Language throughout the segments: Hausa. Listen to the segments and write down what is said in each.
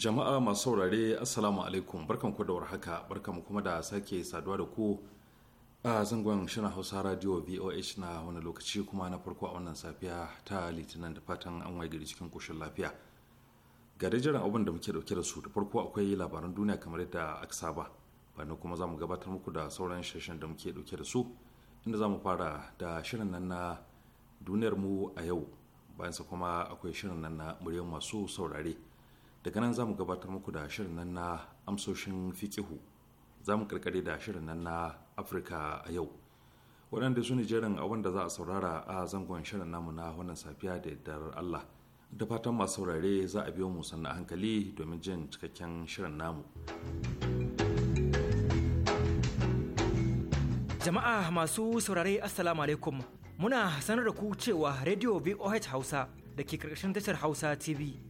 jama'a masu saurare assalamu alaikum barkan ku da warhaka barkan mu kuma da sake saduwa da ku a zangon shirin hausa radio voh na wani lokaci kuma na farko a wannan safiya ta litinin da fatan an waye gari cikin koshin lafiya ga jiran abin da muke dauke da su da farko akwai labaran duniya kamar yadda aka saba bana kuma za mu gabatar muku da sauran shirin da muke dauke da su inda za mu fara da shirin nan na duniyar mu a yau bayansa kuma akwai shirin nan na muryar masu saurare daga nan za mu gabatar muku da shirin nan na amsoshin fikihu za mu karkare da shirin nan na afirka a yau waɗanda su ne jerin abin da za a saurara a zangon shirin namu na wannan safiya da yardar allah da fatan masu saurare za a biyo mu sannan hankali domin jin cikakken shirin namu jama'a masu saurare assalamu alaikum muna sanar da ku cewa radio voh hausa da ke karkashin tashar hausa tv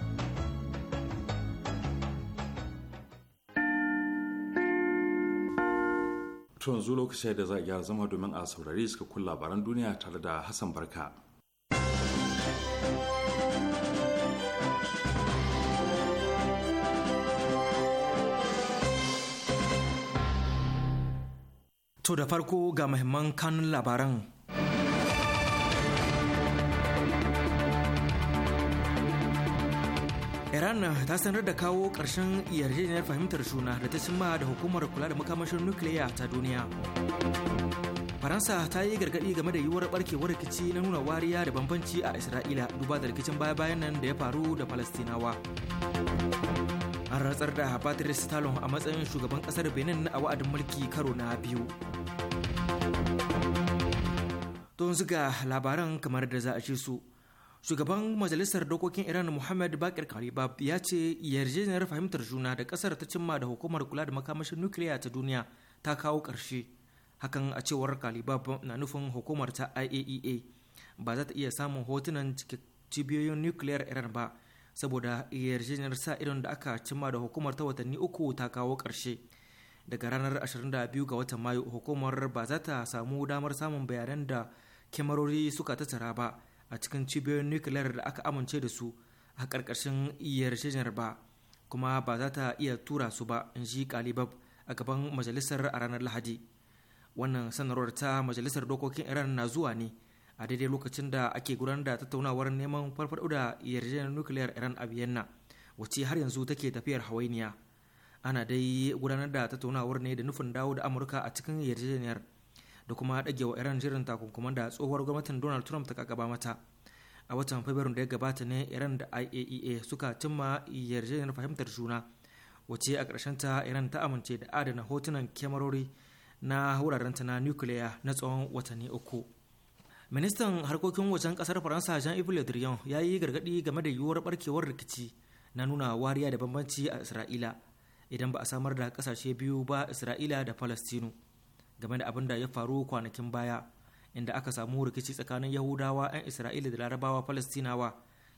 To yanzu lokaci da za a iya zama domin a saurari suka kun labaran duniya tare da Hassan Barka. To da farko ga mahimman kanun labaran Iran ta sanar da kawo ƙarshen yarjejeniyar fahimtar suna da ta cimma da hukumar kula da makamashin nukiliya ta duniya. Faransa ta yi gargaɗi game da yiwuwar barkewar rikici na nuna wariya da bambanci a Isra'ila duba da rikicin baya-bayan nan da ya faru da Falastinawa. An ratsar da Patrice Talon a matsayin shugaban ƙasar Benin a wa'adin mulki karo na biyu. yanzu ziga labaran kamar da za a ce su. shugaban majalisar dokokin iran muhammad bakir karibab ya ce yarjejeniyar fahimtar juna da kasar ta cimma da hukumar kula da makamashin nukiliya ta duniya ta kawo ƙarshe hakan a cewar kalibab na nufin hukumar ta iaea e ba za ta iya samun hotunan cibiyoyin nukiliyar iran ba saboda yarjejeniyar sa irin da aka cimma da hukumar ta watanni uku ta kawo ƙarshe daga ranar 22 ga watan mayu hukumar ba za ta samu damar samun bayanan da kyamarori suka tattara ba a cikin cibiyoyin nukiliyar da aka amince da su a ƙarƙashin yarjejeniyar ba kuma ba za ta iya tura su ba in ji kalibab a gaban majalisar a ranar lahadi wannan sanarwar ta majalisar dokokin iran na zuwa ne a daidai lokacin da ake gudanar da tattaunawar neman farfaɗo da yarjejeniyar nukiliyar iran a vienna wacce har yanzu take tafiyar hawainiya ana dai gudanar da tattaunawar ne da nufin dawo da amurka a cikin yarjejeniyar da kuma ɗage wa iran jirin takunkuman da tsohuwar gwamnatin donald trump ta kakaba mata a watan fabrairu da ya gabata ne iran da iaea e suka cimma yarjejeniyar fahimtar juna wace a ƙarshen ta iran ta amince da adana hotunan kyamarori na wuraren ta na nukiliya na tsawon watanni uku ministan harkokin wajen kasar faransa jean-yves le drian ya yi gargaɗi game da yiwuwar barkewar rikici na nuna wariya da bambanci a isra'ila idan ba a samar da kasashe biyu ba isra'ila da falastinu game da abin da ya faru kwanakin baya inda aka samu rikici tsakanin yahudawa 'yan isra'ila da larabawa falastinawa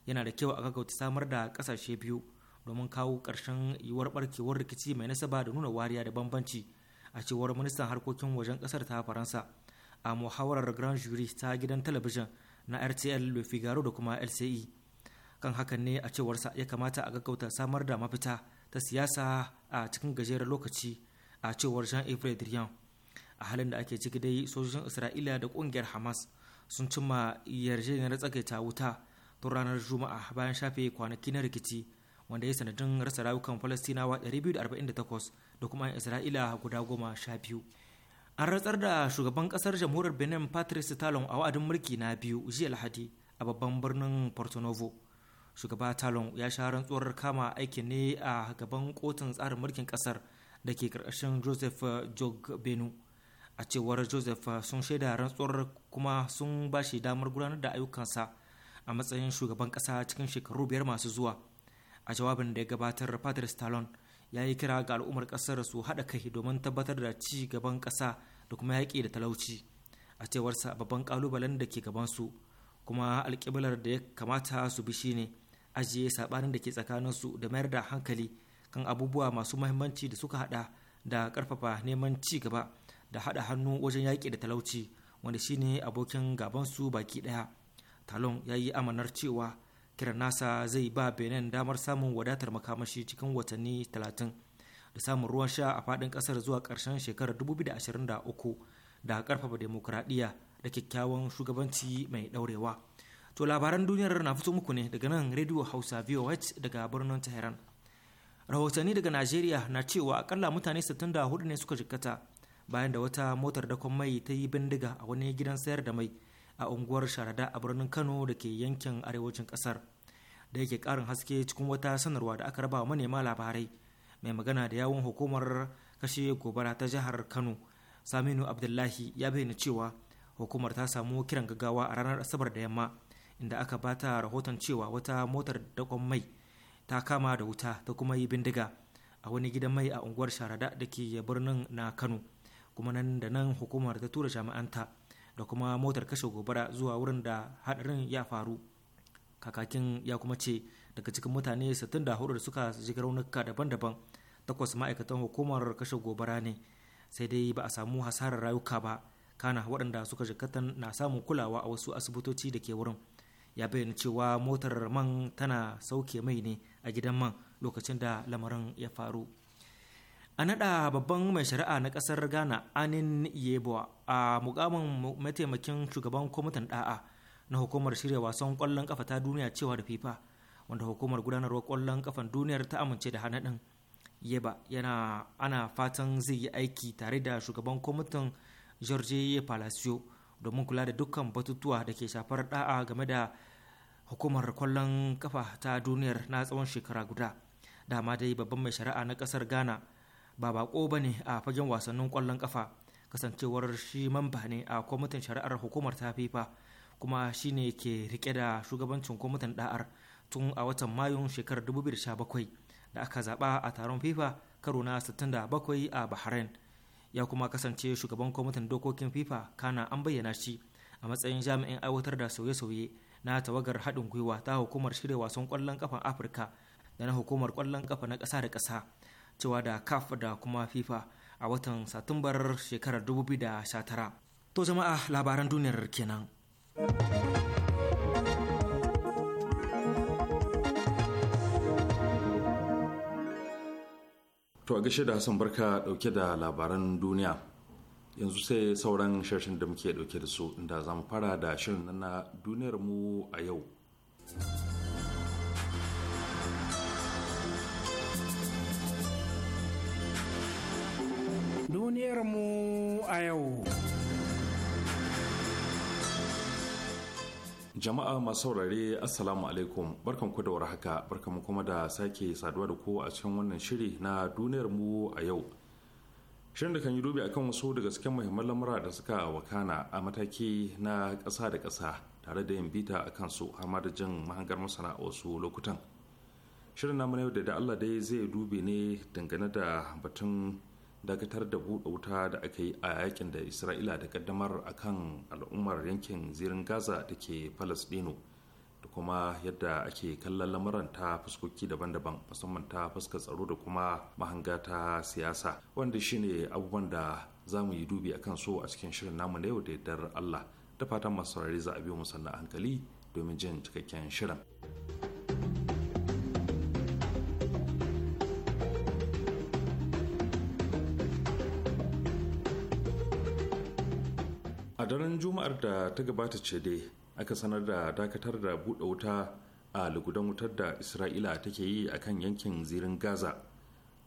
yana da kyau a gaggauta samar da kasashe biyu domin kawo ƙarshen yiwuwar barkewar rikici mai nasaba da nuna wariya da bambanci a cewar ministan harkokin wajen ƙasar ta faransa a muhawarar grand jury ta gidan talabijin na rtl le figaro da kuma lce kan hakan ne a cewarsa ya kamata a gaggauta samar da mafita ta siyasa a cikin gajeren lokaci a cewar jean-yves drian a halin da ake ciki dai sojojin isra'ila da kungiyar hamas sun cimma yarjejeniyar tsagaita wuta tun ranar juma'a bayan shafe kwanaki na rikici wanda ya sanadin rasa rayukan falastinawa 248 da kuma isra'ila guda goma sha biyu an ratsar da shugaban kasar jamhuriyar benin patrice talon a wa'adin mulki na biyu jiya lahadi a babban birnin porto novo shugaba talon ya sha rantsuwar kama aiki ne a gaban kotun tsarin mulkin kasar da ke karkashin joseph jog benu a cewar joseph sun shaida rantsuwar kuma sun ba shi damar gudanar da ayyukansa a matsayin shugaban kasa cikin shekaru biyar masu zuwa a jawabin da ya gabatar fadar stallone ya yi kira ga al'ummar kasar su haɗa kai domin tabbatar da ci gaban kasa da kuma yaƙi da talauci a cewar sa babban kalubalen da ke gaban su kuma alƙiblar da ya kamata su bi shine ajiye saɓanin da ke tsakanin su da mayar da hankali kan abubuwa masu mahimmanci da suka haɗa da ƙarfafa neman ci gaba da haɗa hannu wajen yaƙi da talauci wanda shine abokin gabansu baki ɗaya talon ya yi amanar cewa kiran nasa zai ba benin damar samun wadatar makamashi cikin watanni 30 da samun ruwan sha a faɗin ƙasar zuwa ƙarshen shekarar 2023 da ƙarfafa demokuraɗiyya da kyakkyawan shugabanci mai ɗaurewa to labaran duniyar na fito muku ne daga nan rediyo hausa voh daga birnin tehran rahotanni daga najeriya na cewa akalla mutane 64 ne suka jikkata bayan da wata motar dakon mai ta yi bindiga a wani gidan sayar da mai a unguwar sharada a birnin kano da ke yankin arewacin kasar da yake karin haske cikin wata sanarwa da aka raba wa manema labarai mai magana da yawon hukumar kashe gobara ta jihar kano saminu abdullahi ya bayyana cewa hukumar ta samu kiran gaggawa a ranar asabar da yamma inda aka bata rahoton cewa wata motar dakon mai ta kama da wuta ta kuma yi bindiga a wani gidan mai a unguwar sharada da ke birnin na kano kuma nan da nan hukumar ta tura jami'anta da kuma motar kashe gobara zuwa wurin da hadarin ya faru kakakin ya kuma ce daga cikin mutane 64 da suka ji raunuka daban-daban takwas ma'aikatan hukumar kashe gobara ne sai dai ba a samu hasarar rayuka ba kana waɗanda suka jikatan na samun kulawa a wasu asibitoci da ke wurin ya bayyana cewa motar man tana sauke mai ne a gidan man lokacin da lamarin ya faru. a naɗa babban mai shari'a na ƙasar ghana anin yeboa a mukamin mataimakin shugaban kwamitin ɗa'a na hukumar shirya wasan ƙwallon ƙafa ta duniya cewa da fifa wanda hukumar gudanarwa ƙwallon ƙafan duniyar ta amince da hana ɗin yeba yana ana fatan zai yi aiki tare da shugaban kwamitin george palacio domin kula da dukkan batutuwa da ke shafar ɗa'a game da hukumar ƙwallon ƙafa ta duniyar na tsawon shekara guda dama dai babban mai shari'a na ƙasar ghana ba bako ba ne a fagen wasannin kwallon kafa kasancewar shi mamba ne a kwamitin shari'ar hukumar ta fifa kuma shi ne ke rike da shugabancin kwamitin da'ar tun a watan mayun shekarar 2017 da aka zaba a taron fifa karo na 67 a bahrain ya kuma kasance shugaban kwamitin dokokin fifa kana an bayyana shi a matsayin jami'in aiwatar da sauye-sauye na tawagar haɗin gwiwa ta hukumar shirya wasan kwallon ƙafan afirka da na hukumar kwallon kafa na ƙasa da ƙasa cewa da CAF da kuma FIFA a watan Satumbar shekarar 2019. To jama'a labaran duniyar kenan. To a gashe da Hassan Barka dauke da labaran duniya. Yanzu sai sauran sharshin da muke dauke da su inda za mu fara da shirin na duniyar mu a yau. duniyarmu a yau. Jama'a masu saurare Assalamu alaikum barkan ku da warhaka barkan kuma da sake saduwa da ku a cikin wannan shiri na duniyarmu a yau. Shirin da kan yi dubi akan wasu daga cikin muhimman lamura da suka wakana a mataki na ƙasa da ƙasa tare da yin bita a su har ma da jin mahangar masana a wasu lokutan. Shirin namu na yau da Allah dai zai dubi ne dangane da batun dakatar da buɗe wuta da aka yi a yakin da isra'ila da kaddamar a kan al'ummar yankin zirin gaza da ke palestino da kuma yadda ake kallon lamuran ta fuskoki daban-daban musamman ta fuskar tsaro da kuma mahanga ta siyasa wanda shine abubuwan da za mu yi dubi akan so a cikin shirin namu na yau da yardar allah da fatan masu za a biyo mu sannan hankali domin jin cikakken shirin daren juma'ar da ta gabata ce dai aka sanar da dakatar da buɗe wuta a lugudan wutar da isra'ila take yi a kan yankin zirin gaza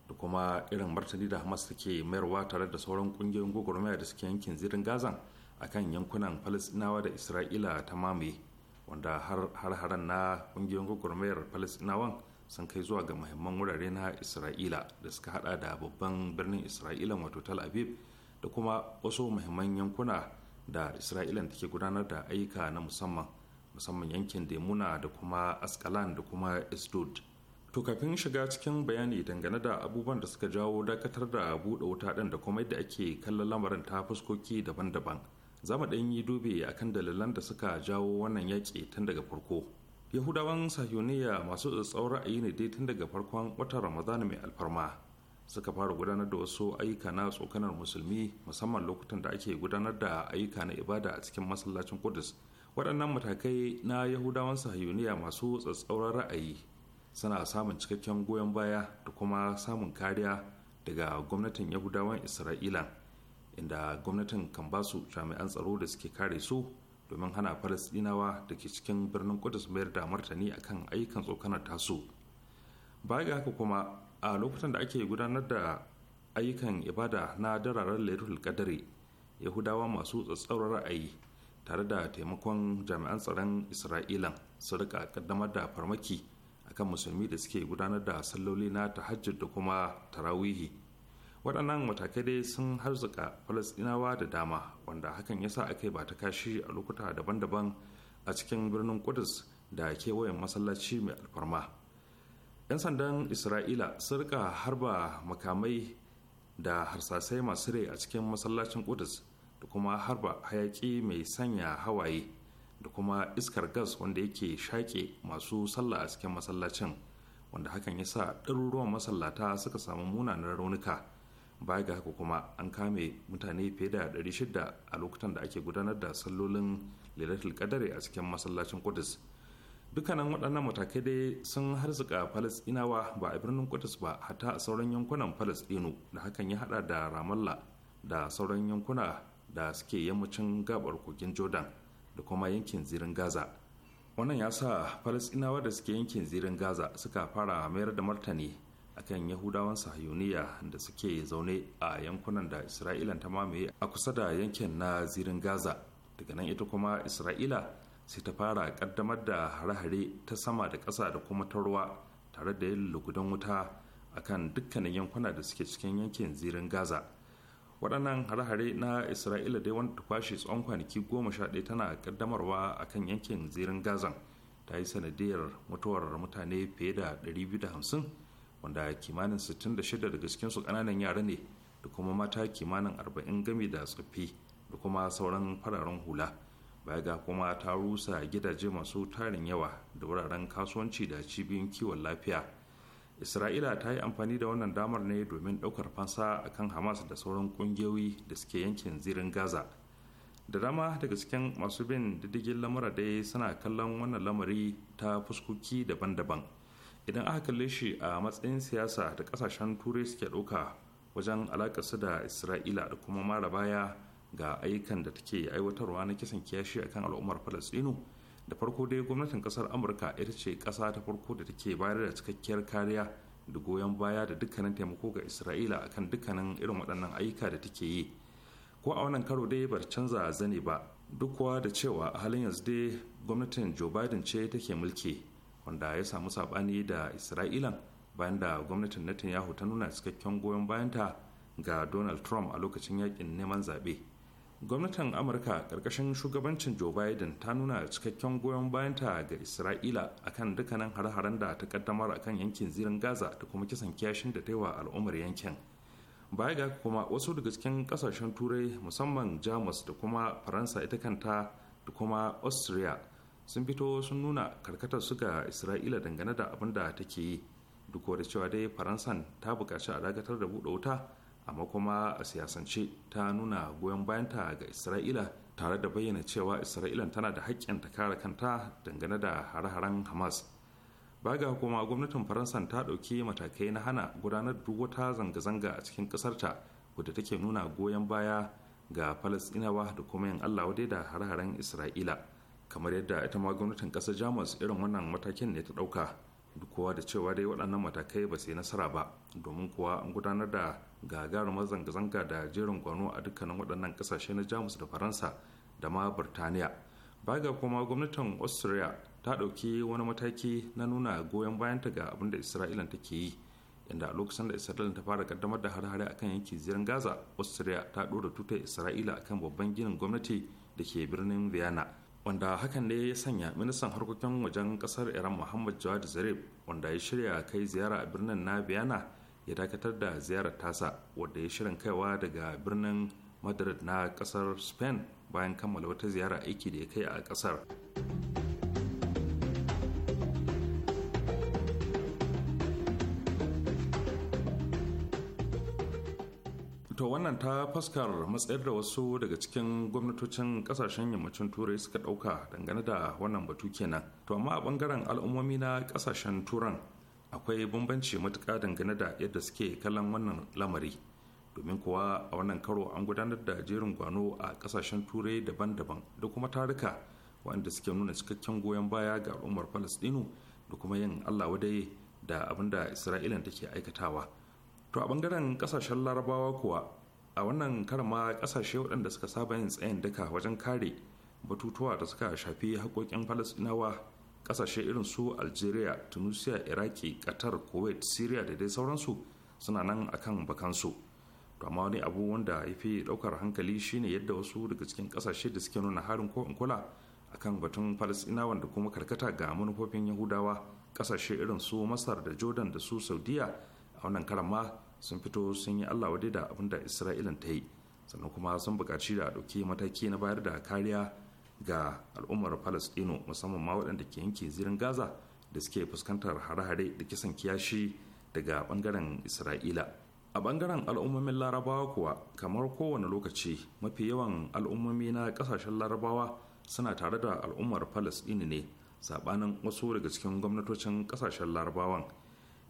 da kuma irin martani da hamas take mayarwa tare da sauran ƙungiyoyin gwagwarmaya da suke yankin zirin gazan a kan yankunan falasinawa da isra'ila ta mamaye wanda har haren na ƙungiyoyin gwagwarmayar falasinawan sun kai zuwa ga mahimman wurare na isra'ila da suka hada da babban birnin isra'ila wato tal aviv da kuma wasu mahimman yankuna da isra'ila take gudanar da ayyuka na musamman musamman yankin demuna da kuma askalan da kuma isdod to kafin shiga cikin bayani dangane da abubuwan da suka jawo dakatar da buɗe wuta ɗin da kuma yadda ake kallon lamarin ta fuskoki daban-daban za mu ɗan yi dube kan dalilan da suka jawo wannan yaƙi tun daga farko yahudawan sahiyoniya masu tsatsauran ra'ayi ne dai tun daga farkon watan ramadana mai alfarma suka fara gudanar da wasu ayyuka na tsokanar musulmi musamman lokutan da ake gudanar da ayyuka na ibada a cikin masallacin kudus waɗannan matakai na yahudawan sahiyuniya masu tsatsauran ra'ayi suna samun cikakken goyon baya da kuma samun kariya daga gwamnatin yahudawan isra'ila inda gwamnatin kan ba su jami'an tsaro da suke kare su domin hana falasɗinawa da ke cikin birnin kudus mayar da martani akan ayyukan tsokanar tasu baya ga haka kuma a lokutan da ake gudanar da ayyukan ibada na dararen lailatul qadari yahudawa masu tsatsauran ra'ayi tare da taimakon jami'an tsaron isra'ilan su rika kaddamar da farmaki akan musulmi da suke gudanar da salloli na tahajjud da kuma tarawihi waɗannan matakai dai sun harzuka falasɗinawa da dama wanda hakan yasa aka yi ba ta kashi a lokuta daban-daban a cikin birnin kudus da kewayen masallaci mai alfarma 'yan sandan isra'ila sun rika harba makamai da harsasai masu rai a cikin masallacin kudus da kuma harba hayaki mai sanya hawaye da kuma iskar gas wanda yake shaƙe masu sallah a cikin masallacin wanda hakan ya sa ɗaruruwan masallata suka samu munanan raunuka baya ga haka kuma an kame mutane fiye da 600 a lokutan da ake gudanar da sallolin lailatul kadare a cikin masallacin kudus dukkanin waɗannan matakai dai sun harzuka falasɗinawa ba a birnin kudus ba hatta a sauran yankunan falasɗinu da hakan ya hada da ramallah da sauran yankuna da suke yammacin gabar kogin jordan da kuma yankin zirin gaza wannan ya sa falasɗinawa da suke yankin zirin gaza suka fara mayar da martani akan yahudawan sahiyuniya da suke zaune a yankunan da isra'ila ta mamaye a kusa da yankin na zirin gaza daga nan ita kuma isra'ila sai ta fara kaddamar da hare-hare ta sama da ƙasa da kuma ta ruwa tare da yin lugudan wuta akan dukkanin yankuna da suke cikin yankin zirin gaza waɗannan hare-hare na isra'ila dai wanda ta kwashe tsawon kwanaki goma sha ɗaya tana kaddamarwa akan yankin zirin gazan ta yi sanadiyar mutuwar mutane fiye da ɗari biyu da hamsin wanda kimanin sittin da shida daga cikinsu ƙananan yara ne da kuma mata kimanin arba'in gami da tsoffi da kuma sauran fararen hula baya ga kuma ta rusa gidaje masu tarin yawa da wuraren kasuwanci da cibiyoyin kiwon lafiya isra'ila ta yi amfani da wannan damar ne domin ɗaukar fansa akan hamas da sauran ƙungiyoyi da suke yankin zirin gaza da dama daga cikin masu bin diddigin lamura dai suna kallon wannan lamari ta fuskoki daban-daban idan aka kalle shi a matsayin siyasa da ƙasashen turai suke ɗauka wajen alaƙa su da isra'ila da kuma mara baya ga ayyukan da take aiwatarwa na kisan kiyashi akan al'ummar falastinu da farko dai gwamnatin kasar amurka ita ce kasa ta farko da take bayar da cikakkiyar kariya da goyon baya da dukkanin taimako ga isra'ila akan dukkanin irin waɗannan ayyuka da take yi ko a wannan karo dai bar canza zane ba duk kuwa da cewa a halin yanzu dai gwamnatin joe biden ce take mulki wanda ya samu saɓani da isra'ilan bayan da gwamnatin netanyahu ta nuna cikakken goyon bayanta ga donald trump a lokacin yakin neman zaɓe gwamnatin amurka karkashin shugabancin joe biden ta nuna cikakken goyon bayanta ga isra'ila akan dukkanin hare-haren da ta kaddamar akan yankin zirin gaza da kuma kisan kiyashin da ta yi wa al'ummar yankin baya ga kuma wasu daga cikin kasashen turai musamman jamus da kuma faransa ita kanta da kuma austria sun fito sun nuna karkatar su ga isra'ila dangane da abin da take yi duk da cewa dai faransan ta bukaci a dakatar da buɗe wuta amma kuma a siyasance ta nuna goyon bayanta ga isra'ila tare da bayyana cewa isra'ila tana da haƙƙin ta kare kanta dangane da hare-haren hamas baga kuma gwamnatin faransa ta ɗauki matakai na hana gudanar duk wata zanga-zanga a cikin ƙasarta wadda take nuna goyon baya ga falasɗinawa da kuma yin allah wadai da hare-haren isra'ila kamar yadda ita ma gwamnatin ƙasar jamus irin wannan matakin ne ta ɗauka duk kowa da cewa dai waɗannan matakai ba su yi nasara ba domin kuwa an gudanar da gagarumar zanga-zanga da jerin gwano a dukkanin waɗannan ƙasashe na jamus da faransa da ma birtaniya ga kuma gwamnatin austria ta ɗauki wani mataki na nuna goyon bayanta ga abin da isra'ila take yi inda a lokacin da isra'ila ta fara kaddamar da hare-hare akan yankin zirin gaza austria ta ɗora tutar isra'ila akan babban ginin gwamnati da ke birnin vienna wanda hakan ne ya sanya ministan harkokin wajen kasar iran muhammad jawad zarif wanda ya shirya kai ziyara a birnin na biyana ya dakatar da ziyarar tasa wadda ya shirin kaiwa daga birnin madrid na kasar spain bayan kammala wata ziyara aiki da ya kai a kasar ta fuskar matsayar da wasu daga cikin gwamnatocin kasashen yammacin turai suka dauka dangane da wannan batu kenan to amma a bangaren al'ummomi na kasashen turan akwai bambanci matuka dangane da yadda suke kallon wannan lamari domin kuwa a wannan karo an gudanar da jerin gwano a kasashen turai daban-daban da kuma tarika waɗanda suke nuna cikakken goyon baya ga al'ummar falastinu da kuma yin allah wadai da abin da take aikatawa to a bangaren kasashen larabawa kuwa a wannan karama kasashe waɗanda suka saba yin tsayin duka wajen kare batutuwa da suka shafi haƙoƙin falasinawa kasashe irin su algeria tunisia iraki qatar kuwait syria da dai sauransu suna nan akan bakansu to amma wani abu wanda ya fi ɗaukar hankali shine yadda wasu daga cikin kasashe da suke nuna harin ko in kula akan batun falasinawa da kuma karkata ga manufofin yahudawa kasashe irin su masar da jordan da su saudiya a wannan karan sun fito sun yi allah wade da abin da isra'ilan ta yi sannan kuma sun buƙaci da ɗauki mataki na bayar da kariya ga al'ummar palestino musamman ma waɗanda ke yanke zirin gaza da suke fuskantar hare-hare da kisan kiyashi daga ɓangaren isra'ila a ɓangaren al'ummomin larabawa kuwa kamar kowane lokaci mafi yawan al'ummomi na ƙasashen larabawa suna tare da al'ummar palestino ne saɓanin wasu daga cikin gwamnatocin ƙasashen larabawan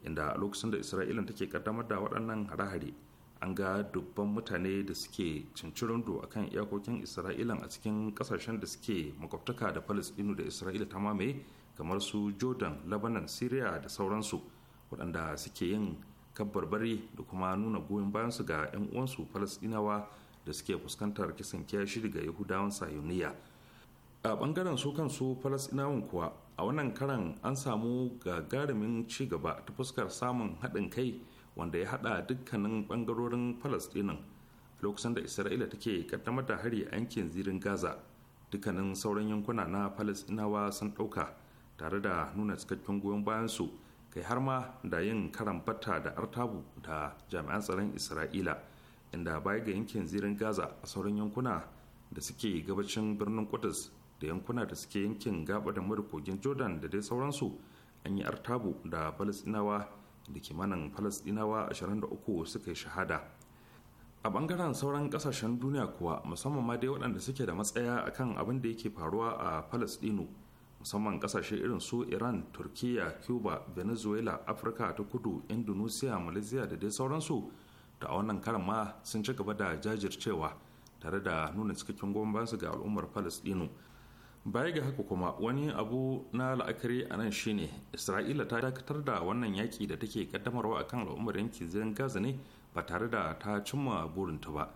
inda a lokacin da isra'ila take kaddamar da waɗannan hare-hare an ga dubban mutane da suke cincirindo a kan iyakokin isra'ila a cikin ƙasashen da suke makwabtaka da palestinu da isra'ila ta mamaye kamar su jordan lebanon syria da sauransu waɗanda suke yin kabbarbari da kuma nuna goyon bayansu ga 'yan uwansu palestinawa da suke fuskantar kisan kiyashi daga yahudawan sayuniya a ɓangaren su kansu palestinawan kuwa a wannan karan an samu gagarumin ci gaba ta fuskar samun haɗin kai wanda ya haɗa dukkanin ɓangarorin palestina lokacin da isra'ila take kaddamar da hari a yankin zirin gaza dukkanin sauran yankuna na falastinawa sun ɗauka tare da nuna cikakken goyon bayansu kai har ma da yin karan fata da artabu da jami'an tsaron isra'ila inda baya ga yankin zirin gaza a sauran yankuna da suke gabacin birnin kudus da yankuna da suke yankin gaba da mara kogin jordan da dai sauransu an yi artabu da falasdinawa da kimanin falasdinawa 23 suka yi shahada a bangaren sauran kasashen duniya kuwa musamman ma dai waɗanda suke da matsaya a kan abin da yake faruwa a falasdino musamman kasashe irin su iran turkiya cuba venezuela afirka ta kudu indonesia malaysia da dai sauransu da a wannan karan ma sun ci gaba da jajircewa tare da nuna cikakken goyon ga al'ummar falasdino baya ga haka kuma wani abu na la'akari a nan shine isra'ila ta dakatar da wannan yaƙi da take kaddamarwa a kan al'ummar yankin zirin gaza ne ba tare da ta cimma burinta ba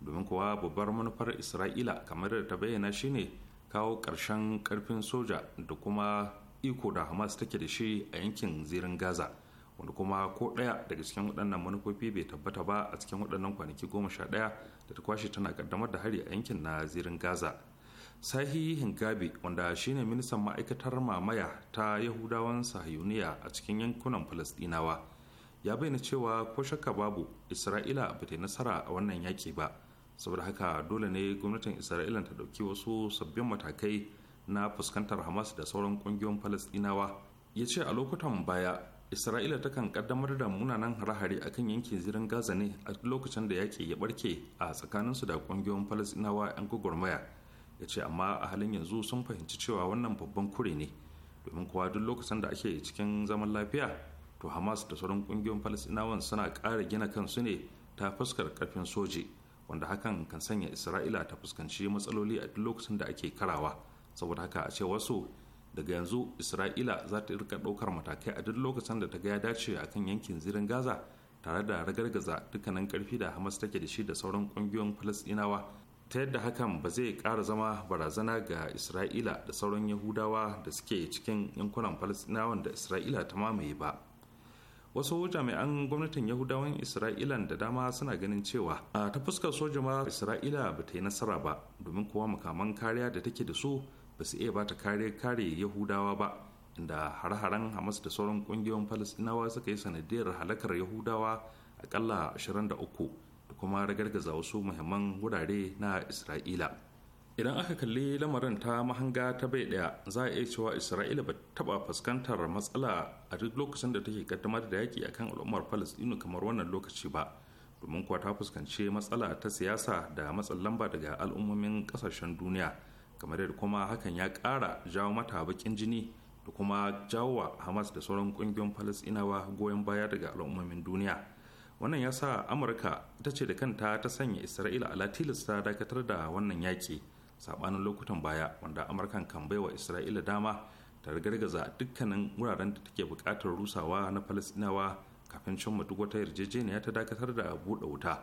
domin kuwa babbar manufar isra'ila kamar da ta bayyana shine kawo ƙarshen ƙarfin soja da kuma iko da hamas take da shi a yankin zirin gaza wanda kuma ko ɗaya daga cikin waɗannan manufofi bai tabbata ba a cikin waɗannan kwanaki goma sha ɗaya da ta kwashe tana kaddamar da hari a yankin na zirin gaza sahihin gabi wanda shine ministan ma'aikatar mamaya ta yahudawan sahiyuniya a cikin yankunan falasdinawa ya bayyana cewa ko shakka babu isra'ila ba ta nasara a wannan yaƙi ba saboda haka dole ne gwamnatin isra'ila ta ɗauki wasu sabbin matakai na fuskantar hamas da sauran ƙungiyoyin falasdinawa ya ce a lokutan baya isra'ila ta kan kaddamar da munanan hare-hare a kan yankin zirin gaza ne a lokacin da yaƙi ya barke a tsakaninsu da ƙungiyoyin falastinawa 'yan gwagwarmaya ya ce amma a halin yanzu sun fahimci cewa wannan babban kure ne domin kuwa duk lokacin da ake cikin zaman lafiya to hamas da sauran kungiyoyin falasinawan suna ƙara gina kansu ne ta fuskar karfin soji wanda hakan kan sanya isra'ila ta fuskanci matsaloli a duk lokacin da ake karawa saboda haka a ce wasu daga yanzu isra'ila za ta rika ɗaukar matakai a duk lokacin da ta ga ya dace a kan yankin zirin gaza tare da ragargaza dukkanin karfi da hamas take da shi da sauran kungiyoyin falasɗinawa ta yadda hakan ba zai kara zama barazana ga isra'ila da sauran yahudawa da suke cikin yankunan falasinawan da isra'ila ta mamaye ba wasu jami'an gwamnatin yahudawan isra'ila da dama suna ganin cewa a ta fuskar soja ma isra'ila ba ta yi nasara ba domin kuwa makaman kariya da take da su ba su iya bata ta kare kare yahudawa ba inda har-haren hamas da sauran kungiyoyin falasinawa suka yi sanadiyar halakar yahudawa akalla 23 kuma ragargaza wasu muhimman wurare na isra'ila idan aka kalli lamarin ta mahanga ta bai daya za a iya cewa isra'ila ba taba fuskantar matsala a duk lokacin da take kaddamar da yaki akan al'ummar palestino kamar wannan lokaci ba domin kuwa ta fuskanci matsala ta siyasa da matsin lamba daga al'ummomin kasashen duniya kamar yadda kuma hakan ya kara jawo mata bakin jini da kuma jawo wa hamas da sauran kungiyoyin palestinawa goyon baya daga al'ummomin duniya wannan ya sa amurka ita ce da kanta ta sanya isra'ila a tilasta dakatar da wannan yaƙi saɓanin lokutan baya wanda amurkan kan baiwa isra'ila dama ta gargaza dukkanin wuraren da take buƙatar rusawa na falastinawa kafin cimma duk wata yarjejeniya ta dakatar da buɗe wuta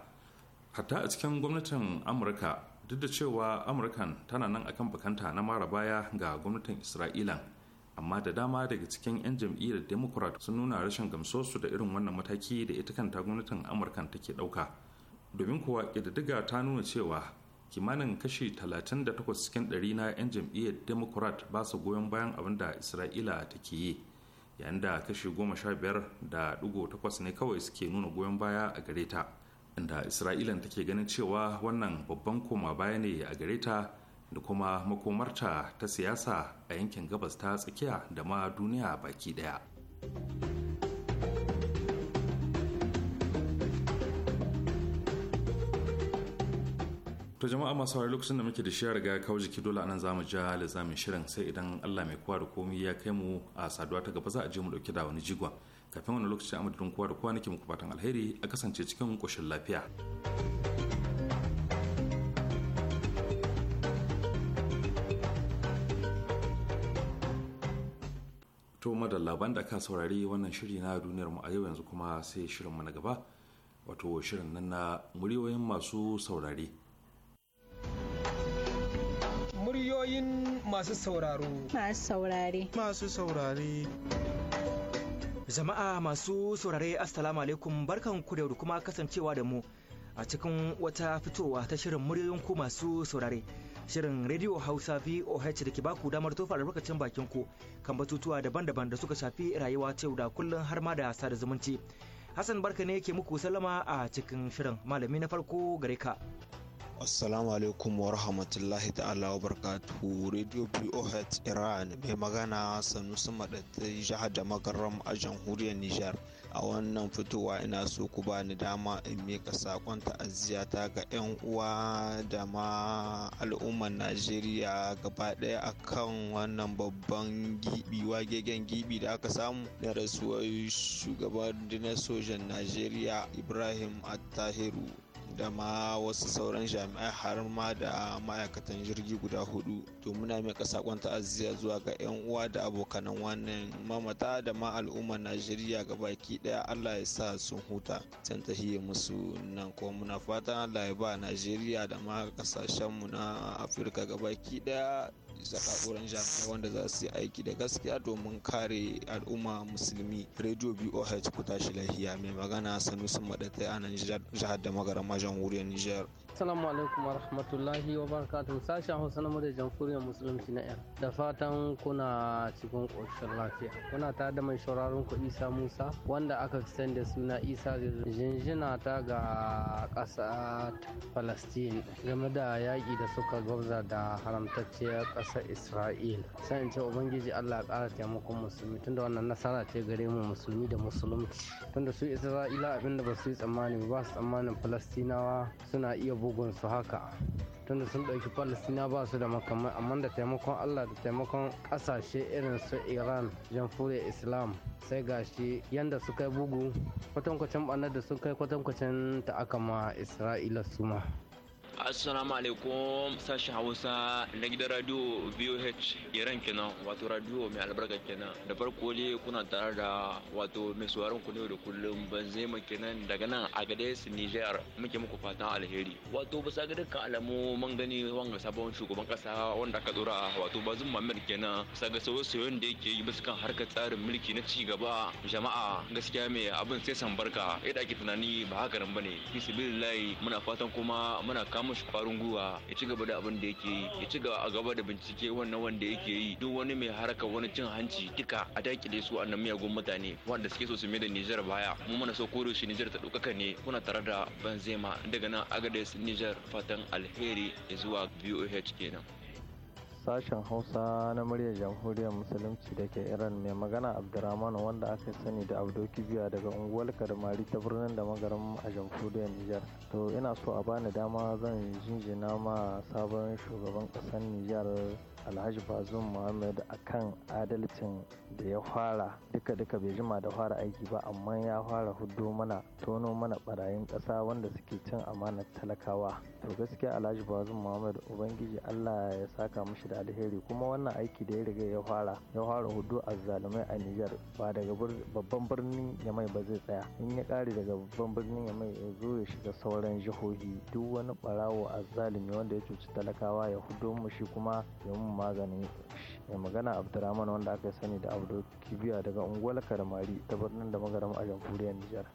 hatta a cikin gwamnatin amurka duk da cewa amurkan tana nan akan bakanta na mara baya ga gwamnatin isra'ilan amma da dama daga cikin 'yan jam'iyyar democrat sun nuna rashin gamsuwarsu da irin wannan mataki da ita kanta gwamnatin amurka take ɗauka domin kuwa ƙididdiga ta nuna cewa kimanin kashi 38 cikin ɗari na 'yan jam'iyyar democrat ba su goyon bayan abin da isra'ila take yi yayin da kashi da 15.8 ne kawai suke nuna goyon baya a gare ta inda isra'ilan take ganin cewa wannan babban koma baya ne a gare ta da kuma makomarta ta siyasa a yankin gabas ta tsakiya da ma duniya baki daya. to jama'a masu saurari lokacin da muke da shi riga kawo jiki dole anan zamu ja lizamin shirin sai idan Allah mai kowa da komai ya kai mu a saduwa ta gaba za a je mu dauki da wani jigon kafin wani lokacin amadadin kowa da kowa nake muku fatan alheri a kasance cikin koshin lafiya. to madalla da ka saurari wannan shiri na duniyar mu a yau yanzu kuma sai shirin mu na gaba wato shirin nan na muryoyin masu saurari. muryoyin masu sauraro masu saurare masu saurare jama'a masu saurare assalamu alaikum barkan ku da kuma kasancewa da mu a cikin wata fitowa ta shirin muryoyin ku masu saurare Shirin Radio Hausa VOH da ke baku damar tofa albarkacin bakin ku kan batutuwa daban-daban da suka shafi rayuwa ta yau da kullum har ma da sada zumunci. Hassan barka ne ke muku salama a cikin shirin malami na farko gare ka. Assalamu alaikum wa rahmatullahi ta'ala wa barakatuhu Radio Voh Iran mai magana Sanusi Madatta jihar da magaram a jamhuriyar Nijar. a wannan fitowa ina so ku bani dama in miƙa saƙon ta'aziyyata ga 'yan uwa da ma al'ummar najeriya gaba ɗaya kan wannan babban gibi wagegen gibi da aka samu na rasuwar shugaban dinar sojan najeriya ibrahim attahiru da ma wasu sauran jami'ai har ma da ma'aikatan jirgi guda hudu to muna kasa sakon ta'aziyya zuwa ga 'yan uwa da abokanan wannan mamata da ma al'ummar najeriya baki daya allah ya sa sun huta can tahiyya musu nan kuma muna fatan allah ya ba najeriya da ma kasashen mu na afirka gabaki daya zakakuran jami'ai wanda za su yi aiki da gaskiya domin kare al'umma musulmi radio boh ku tashi lahiya mai magana sanusi madatai a nan jihar da magarama jamhuriyar niger assalamu alaikum wa rahmatullahi wa sashen hausa na murya jamhuriyar musulunci na yan da fatan kuna cikin ƙoshin lafiya kuna ta da mai shauraron ku isa musa wanda aka fi da suna isa jinjina ta ga ƙasa palestine game da yaƙi da suka gwabza da haramtacciyar ƙasar isra'il sai in ce ubangiji allah ƙara taimakon musulmi tunda wannan nasara ce gare mu musulmi da musulunci tunda su isra'ila abinda ba su yi tsammani ba su tsammanin palestinawa suna iya ko su haka tunda sun ɗauki palestina ba su da makamai amma da taimakon allah da taimakon ƙasashe irin su iran jamhuriyar islam sai gashi yanda su kai bugu kwatankwacin ɓannar da su kai kwatankwacin ta aka ma isra'ila suma assalamu alaikum sashen hausa na gidan radio voh iran kenan wato radio mai albarka kenan da farko ne kuna tare da wato mai sauraron ku ne da kullum ban zai kenan daga nan a gades niger muke muku fatan alheri wato bisa ga dukkan alamu man gani wanga sabon shugaban kasa wanda aka dora wato bazin mamir kenan bisa ga sauye-sauyen da yake yi bisa kan harkar tsarin mulki na ci gaba jama'a gaskiya mai abin sai san barka yadda ake tunani ba haka nan bane bismillah muna fatan kuma muna kama mashi kwarin gwiwa ya ci gaba da abin da yake yi ya ci gaba a gaba da bincike wannan wanda yake yi duk wani mai haraka wani cin hanci duka a dakile su annan miyagun mutane wanda suke so su mai da Nijar baya mu mana so kodo shi Nijar ta dukaka ne kuna tare da Benzema daga nan Agadez Nijar fatan alheri zuwa VOH kenan. Sashen Hausa na muryar Jamhuriyar Musulunci da ke Iran mai magana Abdurrahman wanda aka sani da Abdo Kibiya daga unguwar karmari ta birnin da magaram a Jamhuriyar Nijar. To ina so a bani dama zan jinjina ma sabon shugaban ƙasar Nijar alhaji bazum muhammad kan adalcin da ya fara duka duka bai jima da fara aiki ba amma ya fara hudu mana tono mana barayin ƙasa wanda suke cin amanar talakawa to gaskiya alhaji bazum muhammad ubangiji allah ya saka mushi da alheri kuma wannan aiki da ya riga ya fara ya fara hudu azzalumai a niger ba daga babban birnin yamai ba zai tsaya in ya kare daga babban birnin yamai ya zo ya shiga sauran jihohi duk wani barawo a azzalumi wanda ya cuci talakawa ya hudo mushi kuma ya mun maganin mai magana abdurrahman wanda aka sani da abdul kibiya daga unguwar karmari ta birnin da magaram a jamhuriyar niger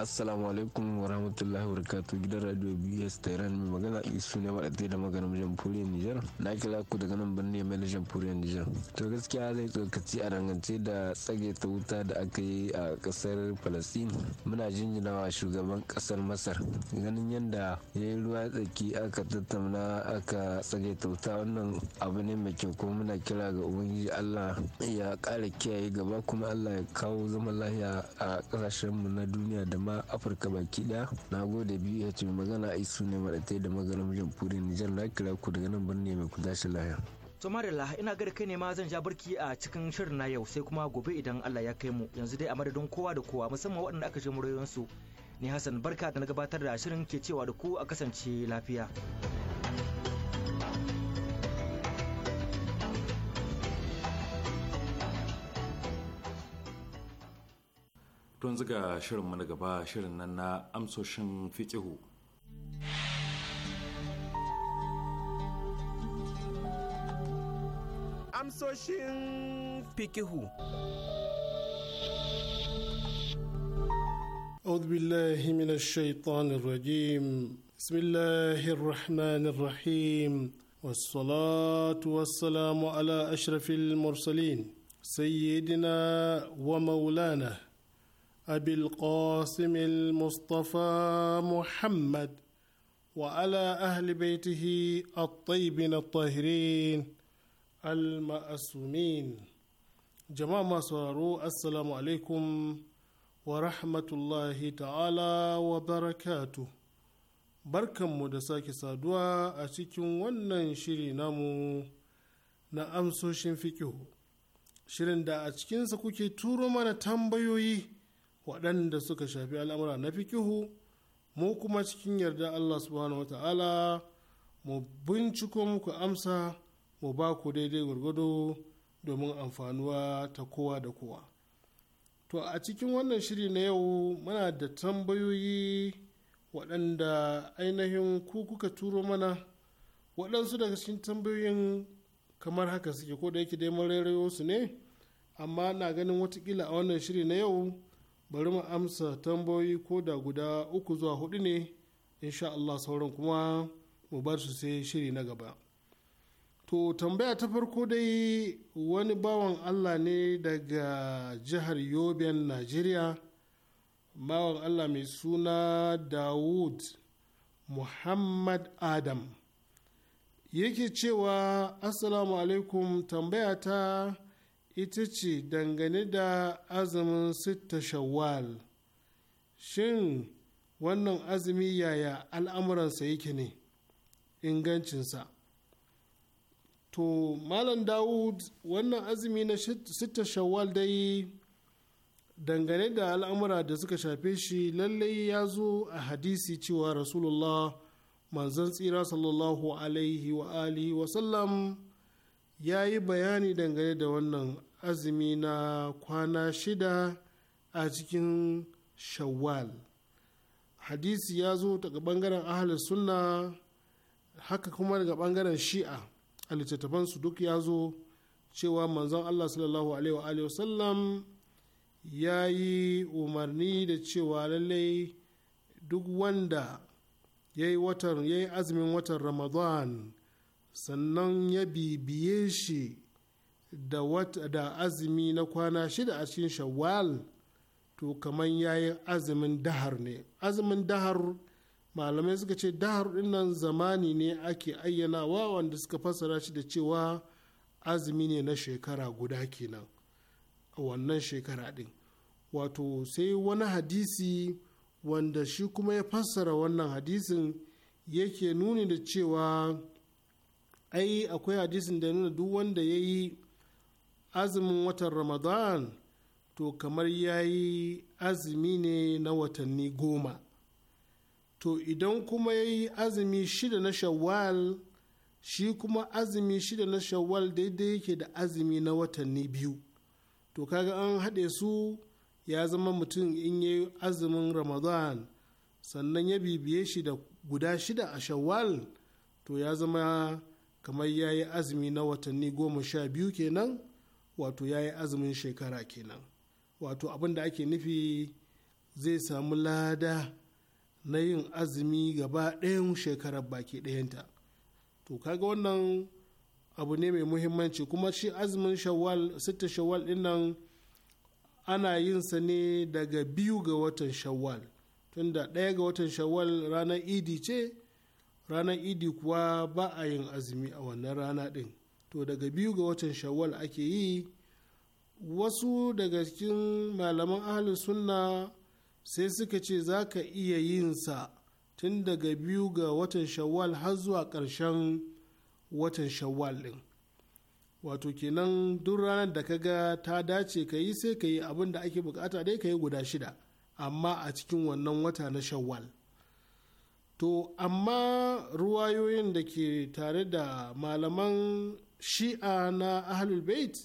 assalamu alaikum wa rahmatullahi wa barakatuh gidan radio bs tehran mai magana isu ne maɗaɗe da maganin jamhuriyar nijar na kira ku daga nan birni mai na jamhuriyar nijar to gaskiya zai tsokaci a dangance da tsage ta wuta da aka yi a kasar palestine muna jinjinawa shugaban kasar masar ganin yadda ya yi ruwa tsaki aka tattauna aka tsage ta wuta wannan abu ne mai kyau kuma muna kira ga ubangiji allah ya ƙara kiyaye gaba kuma allah ya kawo zaman lafiya a ƙasashenmu na duniya da ma afirka baki daya na gode biyu ya ce magana isu ne maɗatai da mijin jamhuriyar nijar na kira ku daga nan birni mai shi laya to marilla ina gari kai ne ma zan ja barki a cikin shirin na yau sai kuma gobe idan allah ya kai mu yanzu dai a madadin kowa da kowa musamman waɗanda aka je su ne hassan barka da na gabatar da shirin ke cewa da ku a kasance lafiya tun ziga shirinmu na gaba shirin nan na amsoshin fikihu amsoshin fikihu أعوذ بالله من الشيطان الرجيم بسم الله الرحمن الرحيم والصلاة والسلام على أشرف المرسلين سيدنا ومولانا أبي القاسم المصطفى محمد وعلى أهل بيته الطيبين الطاهرين المأسومين جماعة سوارو السلام عليكم ورحمة الله تعالى وبركاته barkanmu da sake saduwa a cikin wannan shiri namu na amsoshin fikihu shirin da a cikinsa kuke turo mana tambayoyi waɗanda suka shafi al'amura na fikihu mu kuma cikin yarda Allah subhanahu wa ta'ala mu binciko muku amsa mu ba ku daidai gwargwado domin amfanuwa ta kowa da kowa to a cikin wannan shiri na yau muna da tambayoyi waɗanda ainihin ku kuka turo mana waɗansu daga cikin tambayoyin kamar haka suke ko da yake dai mun su ne amma na ganin watakila a wannan shiri na yau bari mu amsa tambayoyi ko da guda uku zuwa hudu ne insha Allah sauran kuma mu bar su sai shiri na gaba to tambaya ta farko dai wani bawan Allah ne daga jihar yoben Najeriya bawan Allah mai suna Dawud Muhammad Adam yake cewa assalamu alaikum tambaya ta ita ce dangane da azumin sitta shawwal shin wannan azumi yaya al'amuransa yake ne ingancinsa to malam dawud wannan azumi na sitta shawwal dai dangane da al'amura da suka shafe shi lallai ya zo a hadisi cewa rasulullah manzan tsira sallallahu alaihi wa alihi wasallam ya yi bayani dangane da wannan azumi na kwana shida a cikin shawwal hadisi ya zo daga bangaren ahalar sunna haka kuma daga bangaren shi'a a littattafansu duk ya zo cewa manzon allah sallallahu alaihi sallam) ya yi umarni da cewa lallai duk wanda ya yi azumin watan ramadan sannan ya bibiye shi da azumi na kwana shida a cikin shawwal to kamar yayi azumin dahar ne azumin dahar malamai suka ce dahar dinnan zamani ne ake ayyanawa wanda suka fasara shi da cewa azumi ne na shekara guda kenan a wannan shekara din wato sai wani hadisi wanda shi kuma ya fassara wannan hadisin yake nuni da cewa ai akwai hadisin da nuna duk wanda ya yi azumin watan ramadan to kamar ya yi azumi ne na watanni goma to idan kuma ya yi azumi shida na shawwal shi kuma azumi shida na shawal daidai yake da azumi na watanni biyu to kaga an haɗe su ya zama mutum in yi azumin ramadan sannan ya bibiye shi da guda shida a shawwal to ya zama kamar ya yi azumi na watanni goma sha biyu kenan wato ya yi azumin shekara kenan wato abin da ake nufi zai samu lada na yin azumi gaba ɗayan shekarar baki ɗayanta to kaga wannan abu ne mai muhimmanci kuma shi azumin shawwal sita shawwal ɗinnan ana yin sa ne daga biyu ga watan shawwal tunda ɗaya ga watan shawwal ranar idi ce ranar idi kuwa ba a yin azumi a wannan rana ɗin to daga biyu ga watan shawwal ake yi wasu daga cikin malaman ahalin sunna sai suka ce za ka iya yin sa tun daga biyu ga watan shawwal har zuwa ƙarshen watan shawwal ɗin wato kenan duk ranar da ka ga ta dace ka yi sai ka yi abin da ake bukata dai ka yi guda shida amma a cikin wannan wata na shawwal to amma ruwayoyin da ke tare da malaman shi'a na ahlul bait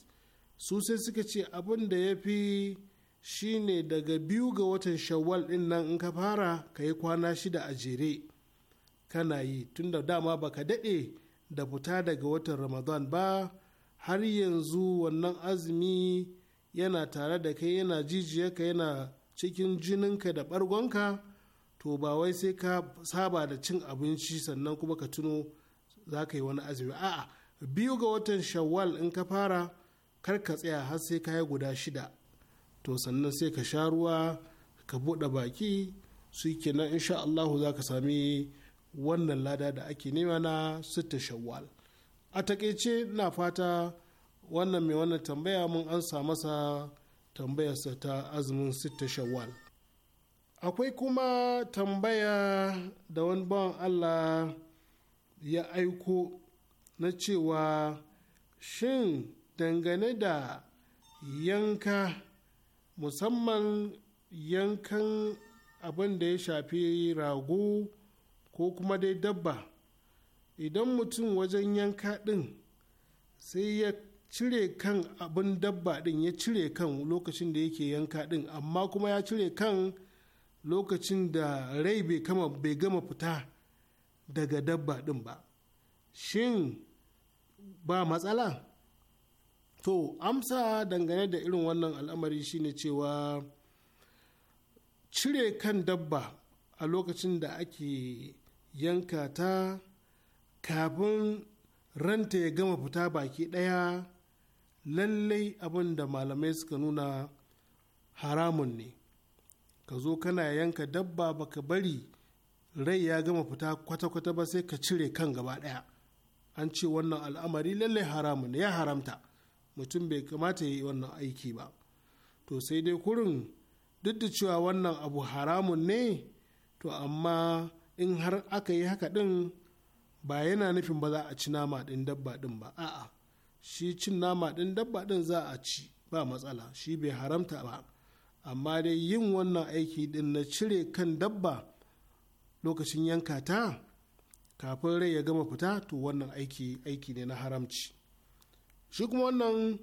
su sai suka ce abin da ya fi shi ne daga biyu ga watan shawwal din nan in ka fara ka yi kwana shida a jere kana yi tun da dama ba ka daɗe da fita daga watan ramadan ba har yanzu wannan azumi yana tare da kai yana jijiyarka yana cikin jininka da ɓargonka to ba wai sai ka saba da cin abinci sannan kuma ka tuno za ka yi wani azumi a'a biyu ga watan shawwal in ka fara kar ka tsaya har sai ka yi guda shida to sannan sai ka sha ruwa ka buɗe baki su kenan insha Allahu za ka sami wannan lada da ake nema na sitta shawwal a takaice na fata wannan mai wannan tambaya mun an masa tambayarsa ta azumin sitta shawwal akwai kuma tambaya da wani bawan allah ya aiko na cewa shin dangane da yanka musamman yankan abin da ya shafi rago ko kuma dai dabba idan mutum wajen yanka ɗin sai ya cire kan abin dabba ɗin ya cire kan lokacin da yake yanka ɗin amma kuma ya cire kan lokacin da rai bai gama fita daga dabba ɗin ba shin ba matsala to amsa dangane da irin wannan al'amari shine cewa cire kan dabba a lokacin da ake yanka ta kafin ranta ya gama fita baki ɗaya lallai abin da malamai suka nuna haramun ne ka zo kana yanka dabba baka bari rai ya gama fita kwata-kwata ba sai ka cire kan gaba ɗaya an ce wannan al'amari lallai haramun ya haramta mutum bai kamata ya yi wannan aiki ba to sai dai kurin duk da cewa wannan abu haramun ne to amma in har aka yi haka din, ba yana nufin ba za a ci nama din dabba din ba a'a shi cin nama din dabba din za a ci ba matsala shi bai haramta ba amma dai yin wannan aiki din na cire kan dabba lokacin yanka ta kafin rai ya gama fita to wannan aiki aiki ne na haramci shi kuma wannan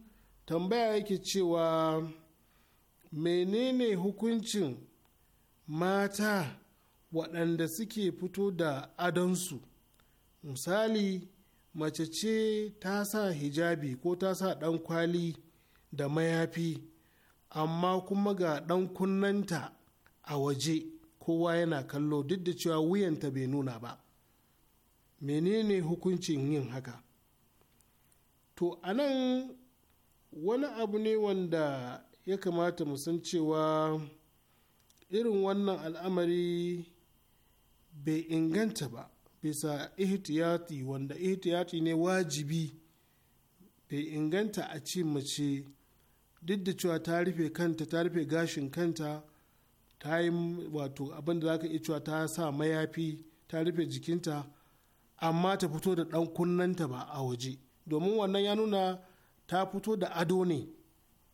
tambaya yake cewa menene hukuncin mata waɗanda suke fito da adonsu misali mace ce ta sa hijabi ko ta sa ɗan da mayafi amma kuma ga ɗan kunnanta a waje kowa yana kallo duk da cewa wuyanta bai nuna ba menene hukuncin yin haka to a nan wani abu ne wanda ya kamata mu san cewa irin wannan al'amari bai inganta ba bisa ihtiyati wanda ihtiyati ne wajibi bai inganta a ce mace duk da cewa ta rufe kanta ta rufe gashin kanta ta yi wato abin da zaka iya cewa ta sa mayafi ta rufe jikinta amma ta fito da ɗan kunnanta ba a waje domin wannan ya nuna ta fito da ado ne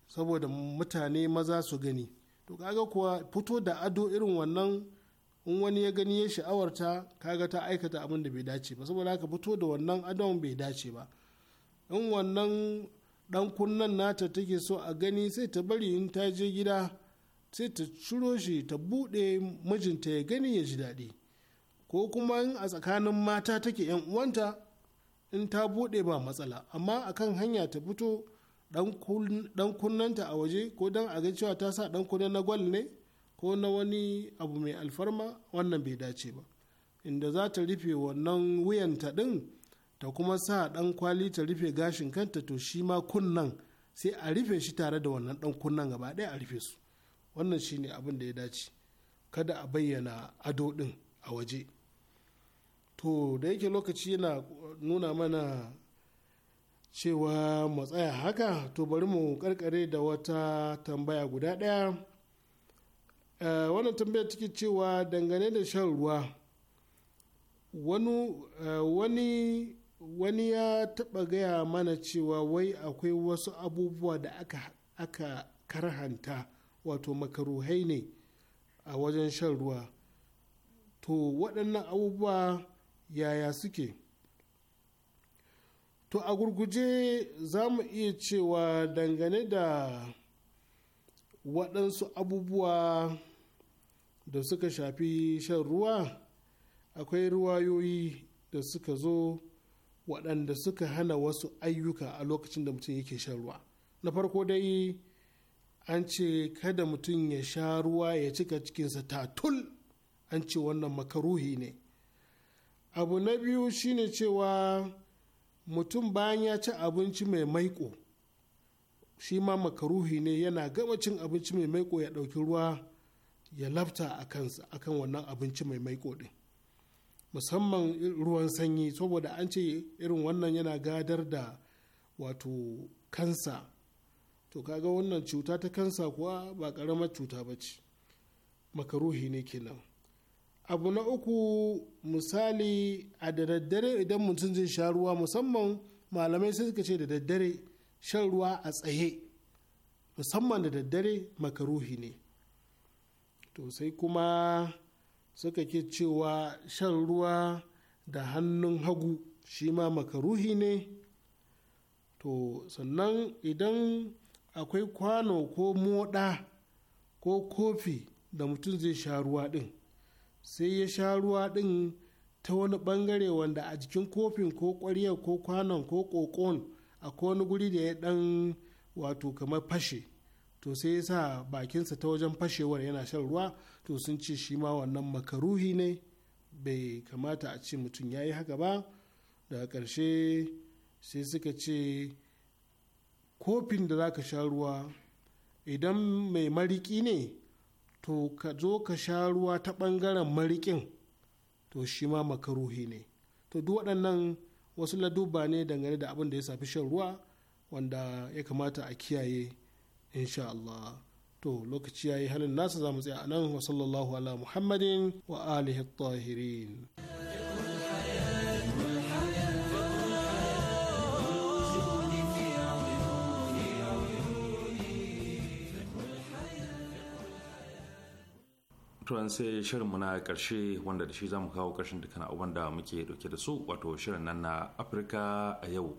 saboda mutane maza su gani to kaga kuwa fito da ado irin wannan in wani ya gani ya sha'awarta kaga ta aikata abin da bai dace ba saboda haka fito da wannan adon bai dace ba in wannan dan kunnen nata take so a gani sai ta bari in ta je gida sai ta ciro shi ta bude mijinta ya gani ya ji daɗi ko kuma in a tsakanin mata take yan uwanta in ta bude ba matsala amma akan hanya ta fito dan kunnanta a waje ko dan a ga cewa ta sa dan kunnen na gwal ne ko na wani abu mai alfarma wannan bai dace ba inda za ta rufe wannan wuyanta ɗin ta kuma sa ɗan kwali ta rufe gashin kanta to shi ma kunnan sai a rufe shi tare da wannan ɗan kunnan gaba ɗaya a rufe su wannan shine abin da ya dace kada a bayyana ado ɗin a waje to da yake lokaci yana nuna mana cewa matsaya haka to bari mu karkare da wata tambaya guda ɗaya eh, wannan tambayar take cewa dangane da shan ruwa eh, wani wani ya taɓa gaya mana cewa wai akwai wasu abubuwa da aka, aka karhanta wato makaruhai ne a wajen shan ruwa to waɗannan abubuwa yaya suke to a gurguje za mu iya cewa dangane da waɗansu abubuwa da suka shafi shan ruwa akwai ruwayoyi da suka zo waɗanda suka hana wasu ayyuka a lokacin da mutum yake shan ruwa na farko dai an ce kada mutum ya sha ruwa ya cika cikinsa tatul an ce wannan makaruhi ne abu na biyu shine cewa mutum bayan ya ci abinci mai maiko shi ma makaruhi ne yana gama cin abinci mai maiko ya ɗauki ruwa ya lafta a kansa akan wannan abinci mai maiko ɗin musamman ruwan sanyi saboda an ce irin wannan yana gadar da wato kansa to kaga wannan cuta ta kansa kuwa ba karamar cuta ba ce makaruhi ne kenan abu na uku misali a da daddare idan mutum zai sha ruwa musamman malamai sai suka ce da daddare shan ruwa a tsaye musamman da daddare makaruhi ne to sai kuma suka ke cewa shan ruwa da hannun hagu shi ma makaruhi ne to sannan idan akwai kwano ko moda ko kofi da mutum zai sha ruwa din sai ya sha ruwa din ta wani ɓangare wanda a jikin kofin ko ƙwarya ko kwanon ko ƙoƙon a wani guri da ya ɗan wato kamar fashe to sai ya sa bakinsa ta wajen fashewar yana shan ruwa to sun ce shi ma wannan makaruhi ne bai kamata a ce mutum ya yi haka ba daga ƙarshe sai suka ce kofin da za ka sha ruwa idan mai mariki ne to ka zo ka sha ruwa ta ɓangaren marikin to shi ma makaruhi ne to duk waɗannan wasu laduba ne dangane da abin da ya safi shan ruwa wanda ya kamata a kiyaye insha Allah to lokaci ya yi halin nasa za zamu tsaya anan wa sallallahu ala muhammadin wa alihi tahirin turan sai shirinmu na karshe wanda da shi za mu kawo karshen dukkan abubuwan da muke dauke da su wato shirin nan na afirka a yau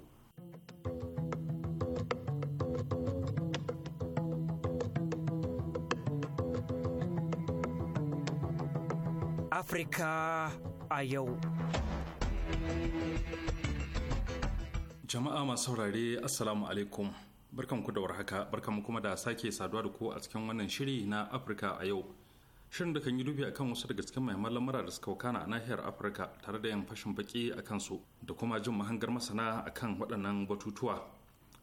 Afirka a yau. Jama'a masu saurare Assalamu alaikum. barkan ku da warhaka, barkanku kuma da sake saduwa da ku a cikin wannan shiri na Afirka a yau. Shirin da kan yi dubi akan wasu daga cikin mahimman lamura da suka wakana a nahiyar Afirka tare da yin fashin baki a kansu da kuma jin mahangar masana akan waɗannan batutuwa.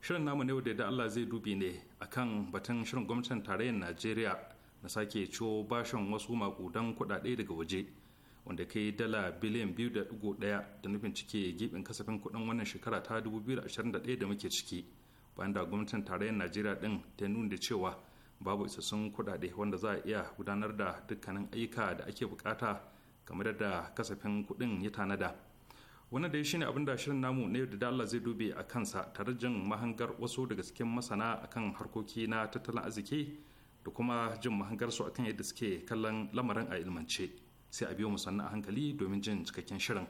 Shirin namu ne da Allah zai dubi ne akan batun shirin gwamnatin tarayyar Najeriya na sake ciwo bashin wasu makudan kudade daga waje wanda yi dala biliyan biyu da nufin cike gibin kasafin kuɗin wannan shekara ta 2021 da muke ciki bayan da gwamnatin tarayyar najeriya din ta nuna cewa babu isassun kudade wanda za a iya gudanar da dukkanin ayyuka da ake bukata kamar da kasafin kuɗin ya tanada wannan dai shine abin da shirin namu na yau da Allah zai dube a kansa tare jin mahangar wasu daga cikin masana akan harkoki na tattalin arziki da kuma jin mahangarsu akan yadda suke kallon lamarin a ilmance sai a biyo musanna a hankali domin jin cikakken shirin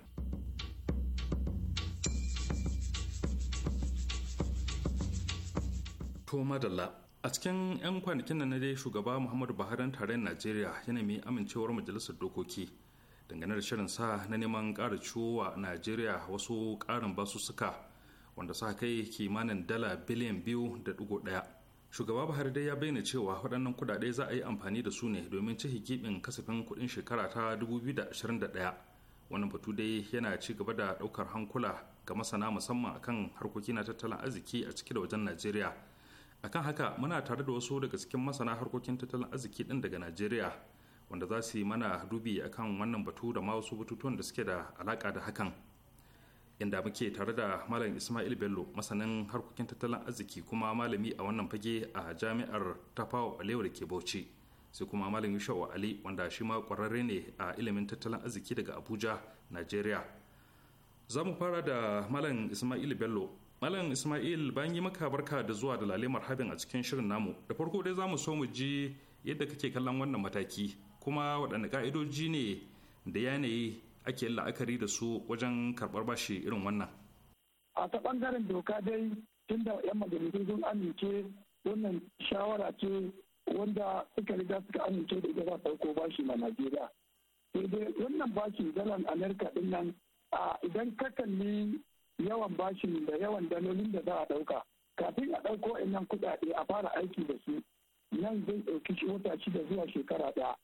to madalla a cikin 'yan kwanakin nan dai shugaba muhammadu buhari tarayyar najeriya yana mai amincewar majalisar dokoki dangane da shirin sa na neman ƙara ciwo najeriya wasu ƙarin basussuka wanda sa kai kimanin dala biliyan biyu da ɗigo ɗaya shugaba buhari dai ya bayyana cewa waɗannan kudade za a yi amfani da su ne domin ci hikimin kasafin kudin shekara ta 2021 wannan batu dai yana ci gaba da ɗaukar hankula ga masana musamman akan harkoki na tattalin arziki a ciki da wajen najeriya akan haka muna tare da wasu daga cikin masana harkokin tattalin arziki ɗin daga najeriya wanda za su yi mana dubi akan wannan batu da ma wasu batutuwan da suke da alaka da hakan inda muke tare da malam ismail bello masanin harkokin tattalin arziki kuma malami a wannan fage a jami'ar tafawa alewa da ke bauchi sai kuma malam yushau ali wanda shi ma kwararre ne a ilimin tattalin arziki daga abuja nigeria za mu fara da malam ismail bello malam ismail bayan yi maka barka da zuwa da lalemar habin a cikin shirin namu da farko dai za mu so mu ji yadda kake kallon wannan mataki kuma waɗanne ka'idoji ne da yanayi ake yin la'akari da su wajen karɓar bashi irin wannan? A ta ɓangaren doka dai tun da 'yan majalisun sun amince wannan shawara ce wanda suka riga suka amince da ita za ta ko bashi ma Najeriya. Sai dai wannan bashi dalar Amerika din nan idan ka kalli yawan bashin da yawan dalolin da za a ɗauka kafin a ɗauko nan kuɗaɗe a fara aiki da su nan zai ɗauki wata shida zuwa shekara ɗaya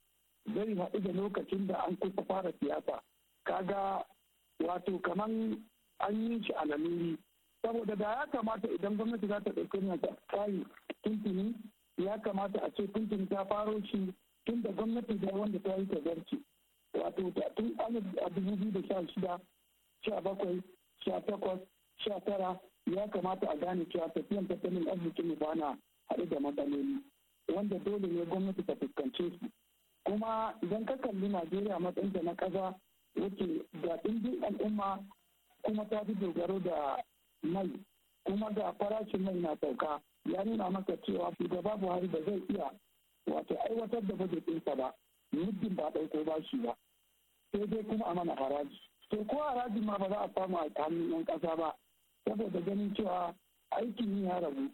zai haɗu da lokacin da an kusa fara siyasa kaga wato kaman an yi shi a laluri saboda da ya kamata idan gwamnati za ta ɗauki wannan tsari tuntuni ya kamata a ce tuntuni ta faro shi tun da gwamnati da wanda ta yi tazarci wato ta tun a dubu biyu da sha shida sha bakwai sha takwas sha tara ya kamata a gane cewa tafiyan tattalin arzikin mu na haɗu da matsaloli wanda dole ne gwamnati ta fuskance su kuma idan ka kalli najeriya matsayinta na ƙasa yake da ɗimbin al'umma kuma ta fi dogaro da mai kuma da farashin mai na sauka ya nuna maka cewa shugaba buhari ba zai iya wato aiwatar da bajetinsa ba muddin ba ɗauko ba shi ba sai dai kuma a mana haraji to ko harajin ma ba za a samu a hannun yan ƙasa ba saboda ganin cewa aikin yi ya rabu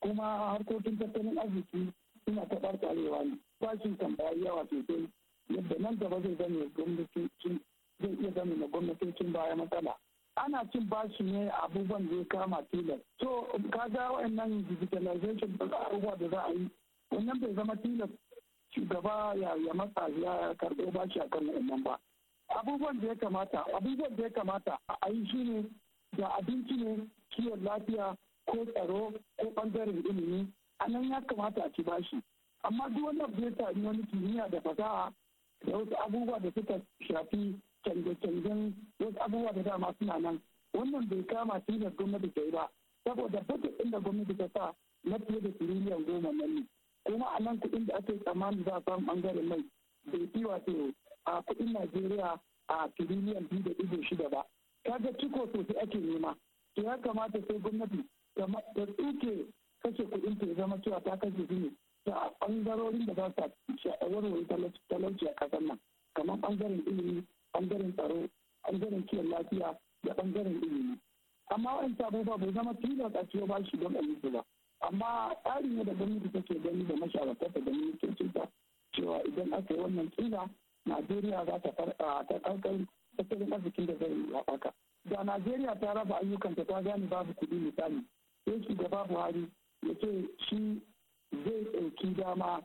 kuma harkokin tattalin arziki suna ta ɓarɓarewa ne bashin tambayi yawa sosai yadda nan gaba zai zame gwamnati zai iya zama na gwamnatocin baya matsala ana cin bashi ne abubuwan da ya kama tilas so ga wa'annan digitalization da abubuwa da za a yi wannan bai zama tilas shugaba ya matsa ya karɓo bashi a kan wa'annan ba abubuwan da ya kamata abubuwan da ya kamata a yi shi ne da abinci ne kiwon lafiya ko tsaro ko ɓangaren ilimi a nan ya kamata a ci bashi amma duk wannan bai sami wani kimiyya da fasaha da wasu abubuwa da suka shafi canje-canjen wasu abubuwa da dama suna nan wannan bai kama tilas gwamnati ta yi ba saboda duk inda gwamnati ta sa na fiye da tiriliyan goma nan ne kuma a nan kuɗin da ake tsammanin za a samu ɓangaren mai bai fi wato a kuɗin najeriya a tiriliyan biyu da ɗigo shida ba ta ga ciko sosai ake nema to ya kamata sai gwamnati ta tsuke kashe kuɗin ta ya zama cewa ta kashe su ne ta ɓangarorin da za su warware talauci a ƙasar nan kamar ɓangaren ilimi bangaren tsaro bangaren kiyar lafiya da bangaren ilimi amma wa'ancan abubuwa bai zama tilas a ciwo ba shi don a ba amma tsari ne da gwamnati take gani da mashawartarta da ta cewa idan aka yi wannan tsira najeriya za ta ta karkar tattalin arzikin da zai haɓaka da najeriya ta raba ayyukanta ta gane babu kuɗi misali sai shugaba buhari ya ce shi zai ɗauki dama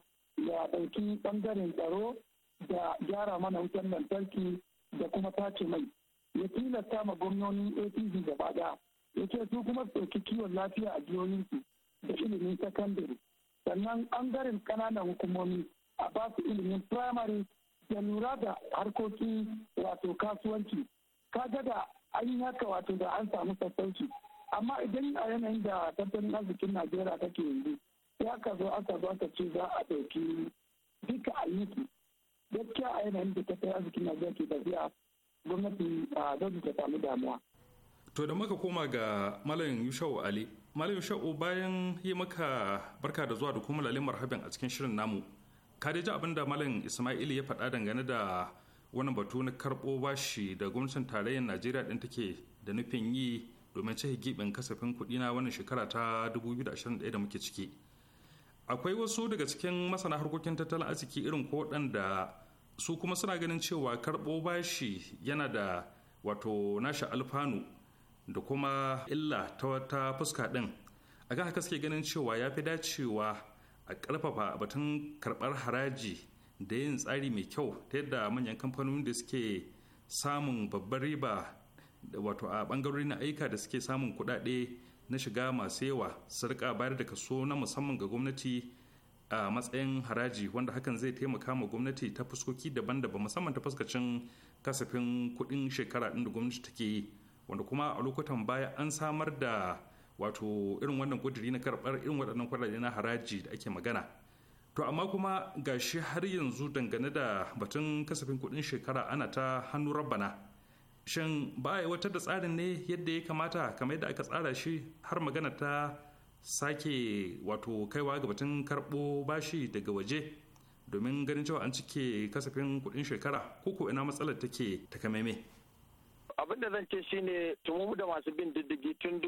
ya ɗauki ɓangaren tsaro da gyara mana wutar lantarki da kuma tace mai ya tilasta ma gwamnonin apc gaba ɗaya ya ce su kuma su ɗauki kiwon lafiya a jihohinsu da ilimin sakandare sannan an garin ƙananan hukumomi a ba su ilimin firamare da lura da harkokin wato kasuwanci kaga da an yi haka wato da an samu sassauci amma idan a yanayin da tattalin arzikin najeriya take yanzu ya ka zo aka zo aka ce za a ɗauki duka ayyuki gaskiya a yanayin da tattalin arzikin Najeriya ke tafiya gwamnati a don ta samu damuwa. To da muka koma ga Malam Yushau Ali. Malam Yushau bayan yi maka barka da zuwa da kuma lalin marhaban a cikin shirin namu. Ka ji abin da Malam Ismail ya faɗa dangane da wannan batu na karɓo bashi da gwamnatin tarayyar Najeriya ɗin take da nufin yi domin cike giɓin kasafin kuɗi na wannan shekara ta 2021 da muke ciki. akwai wasu daga cikin masana harkokin tattalin arziki irin ko da su kuma suna ganin cewa karɓo bashi yana da wato nashi alfanu da kuma illa ta wata fuska ɗin a ga haka suke ganin cewa ya fi dacewa a karfafa batun karɓar haraji da yin tsari mai kyau ta yadda manyan kamfanonin da suke samun babbar riba wato a ɓangarori na aika da suke samun kuɗaɗe na shiga masu yawa su rika bayar da kaso na musamman ga gwamnati a matsayin haraji wanda hakan zai taimaka ma gwamnati ta fuskoki daban-daban musamman ta fuskacin kasafin kuɗin shekara ɗin da gwamnati take yi wanda kuma a lokutan baya an samar da wato irin wannan kuduri na karɓar irin waɗannan kuɗaɗe na haraji da ake magana to amma kuma gashi har yanzu dangane da batun kasafin kuɗin shekara ana ta hannu rabbana shin ba a aiwatar da tsarin ne yadda ya kamata kamar yadda aka tsara shi har magana ta sake wato kaiwa ga batun karɓo bashi daga waje domin ganin cewa an cike kasafin kuɗin shekara ko ko ina matsalar take takamaimai abin da zan ce shine tumumu da masu bin diddigi tun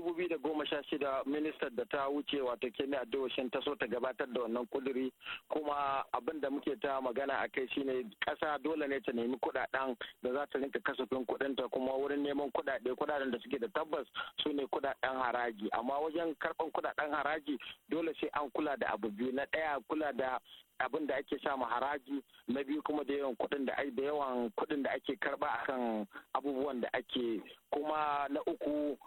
shida ministan da ta wuce wato kemi adewashin ta so ta gabatar da wannan kuduri kuma abinda muke ta magana a kai shine kasa dole ne ta nemi kudaden da za ta rinka kasafin ta kuma wurin neman kudade kudaden da suke da tabbas su ne kudaden haraji amma wajen karban kudaden haraji dole sai an kula da abu biyu na daya kula da abin da ake samu haraji na biyu kuma da yawan kuɗin da da yawan kuɗin da ake karba akan abubuwan da ake kuma na uku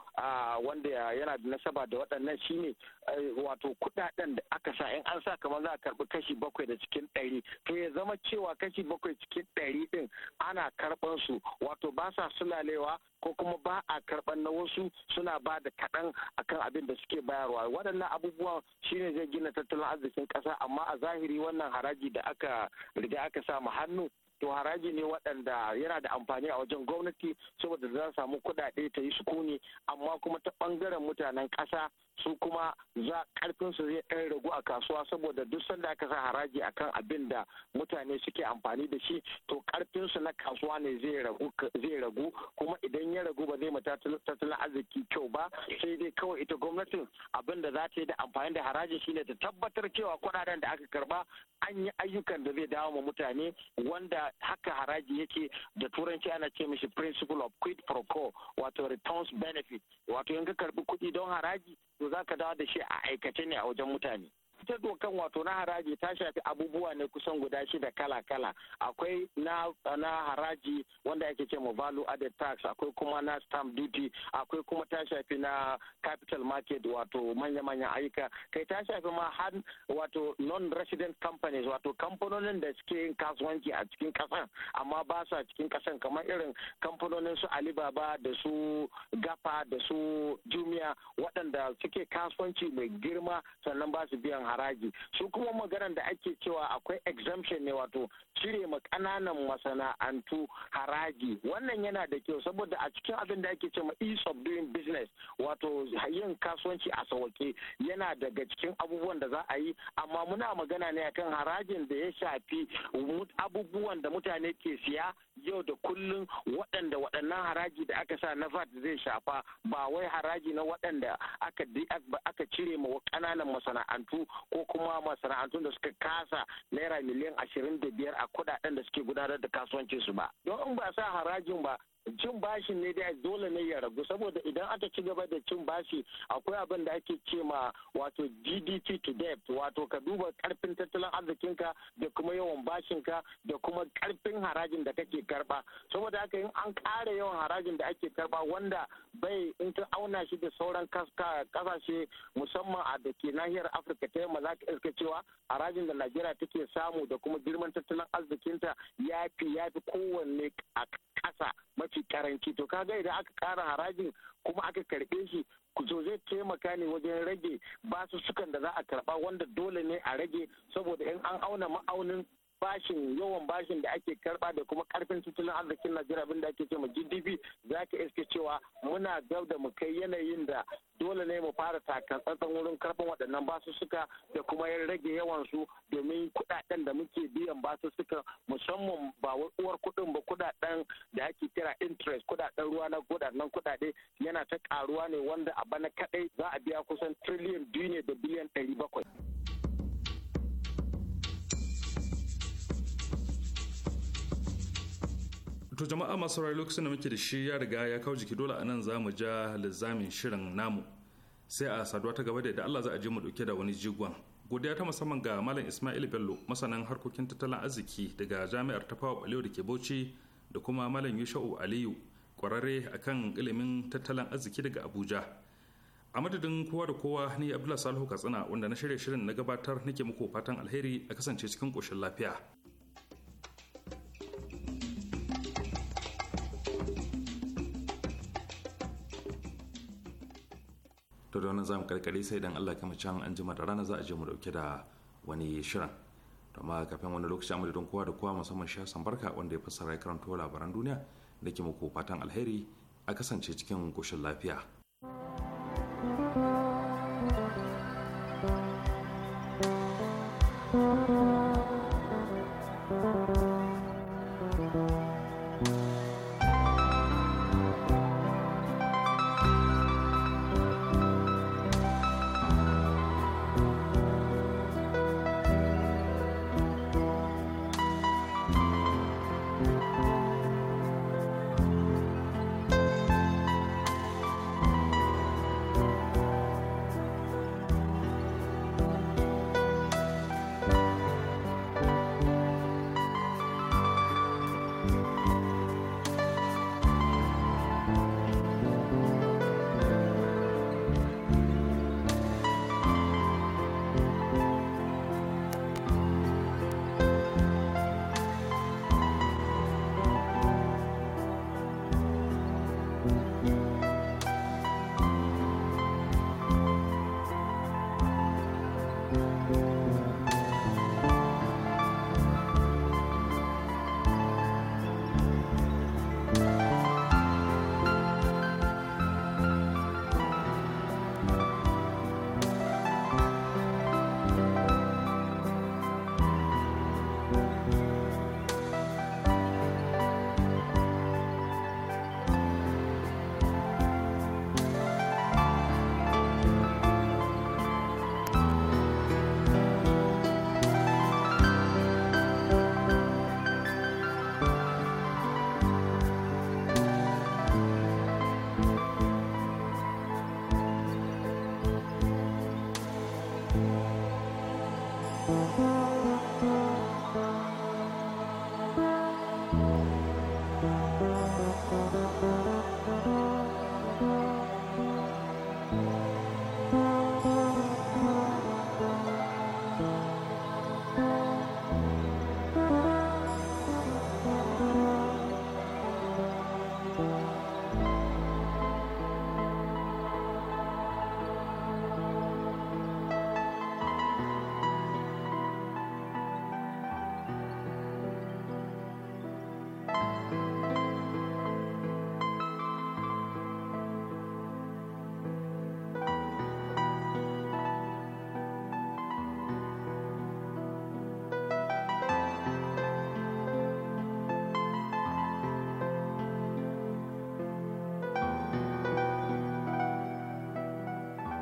wanda yana da nasaba da waɗannan shine eh, wato kuɗaɗen da aka sa in an sa kamar za a karɓi kashi bakwai da cikin ɗari to ya zama cewa kashi bakwai cikin ɗari ɗin ana karɓar su wato ba sa sulalewa ko kuma ba a karɓar na wasu suna ba da kaɗan akan abin da suke bayarwa waɗannan abubuwan shine zai gina tattalin arzikin ƙasa amma a zahiri wannan haraji da aka riga aka sa hannu to haraji ne waɗanda yana da amfani a wajen gwamnati saboda za samu kuɗaɗe ta yi sukuni amma kuma ta ɓangaren mutanen ƙasa su kuma za karfin su zai ɗan ragu a kasuwa saboda duk sanda aka sa haraji akan abin da mutane suke amfani da shi to karfin su na kasuwa ne zai ragu zai ragu kuma idan ya ragu ba zai mata tattalin arziki kyau ba sai dai kawai ita gwamnatin abin da za ta yi da amfani da haraji shine ta tabbatar cewa kuɗaɗen da aka karba an yi ayyukan da zai dawo ma mutane wanda haka haraji yake da turanci ana ce mishi principle of quid pro quo wato returns benefit wato in ka karbi kuɗi don haraji to za ka dawo da shi a aikace ne a wajen mutane ita dokan wato na haraji ta shafi abubuwa ne kusan guda shida kala-kala akwai na, haraji wanda ake ce value added tax akwai kuma na stamp duty akwai kuma ta shafi na capital market wato manya-manyan ayyuka kai ta shafi ma har wato non-resident companies wato kamfanonin da suke yin kasuwanci a cikin kasan amma ba su a cikin kasan kamar irin kamfanonin su alibaba da su gafa da su jumia waɗanda suke kasuwanci mai girma sannan ba su biyan haraji su kuma maganar da ake cewa akwai exemption ne wato cire ma ƙananan masana'antu haraji wannan yana da kyau saboda a cikin abin da ake cewa ease of doing business wato yin kasuwanci a sauke yana daga cikin abubuwan da za a yi amma muna magana ne akan harajin da ya shafi abubuwan da mutane ke siya yau da kullun waɗanda waɗannan haraji da aka sa na VAT zai shafa ba wai haraji na waɗanda aka cire ma ƙananan masana'antu ko kuma masana'antu da suka kasa naira miliyan ashirin da biyar a kuɗaɗen da suke gudanar da kasuwancinsu ba don in ba sa harajin ba cin bashi ne dai dole ne ya ragu saboda idan aka ci gaba da cin bashi akwai abin da ake ce ma wato GDP to debt wato ka duba karfin tattalin arzikinka da kuma yawan bashinka da kuma karfin harajin da kake karba saboda haka yin an ƙara yawan harajin da ake karba wanda bai in ta auna shi da sauran kasashe musamman a da ke nahiyar Afirka ta yamma za ka iska cewa harajin da Najeriya take samu da kuma girman tattalin arzikinta ya fi ya fi kowanne a ƙasa mafi karanci karanci to ga idan aka kara harajin kuma aka karbe shi to zai taimaka ne wajen rage basussukan da za a karba wanda dole ne a rage saboda in an auna ma'aunin bashin yawan bashin da ake karba da kuma karfin tattalin arzikin najeriya abin da ake ce ma gdp za ka iske cewa muna gab da mu kai yanayin da dole ne mu fara tsantsan wurin karfin waɗannan basussuka da kuma ya rage yawan su domin kuɗaɗen da muke biyan basussuka musamman ba uwar kuɗin ba kuɗaɗen da ake kira interest kuɗaɗen ruwa na kuɗaɗen kuɗaɗe yana ta ƙaruwa ne wanda a bana kaɗai za a biya jama'a masu rai lokacin da muke da shi ya riga ya kawo jiki dole a nan za mu ja lizamin shirin namu sai a saduwa ta gaba da yadda Allah za a je mu dauke da wani jigon godiya ta musamman ga malam Ismail Bello masanin harkokin tattalin arziki daga jami'ar Tafawa Balewa da ke Bauchi da kuma malam Yusha'u Aliyu kwararre akan ilimin tattalin arziki daga Abuja a madadin kowa da kowa ni Abdullahi Salihu Katsina wanda na shirya shirin na gabatar nake muku fatan alheri a kasance cikin koshin lafiya to da wannan zamu karkare sai dan Allah kama can an jima da rana za a je mu dauke da wani shirin to amma kafin wani lokaci amma don kowa da kowa musamman shi san Barka wanda ya fassara ya karanto labaran duniya da ke muku fatan alheri a kasance cikin koshin lafiya thank you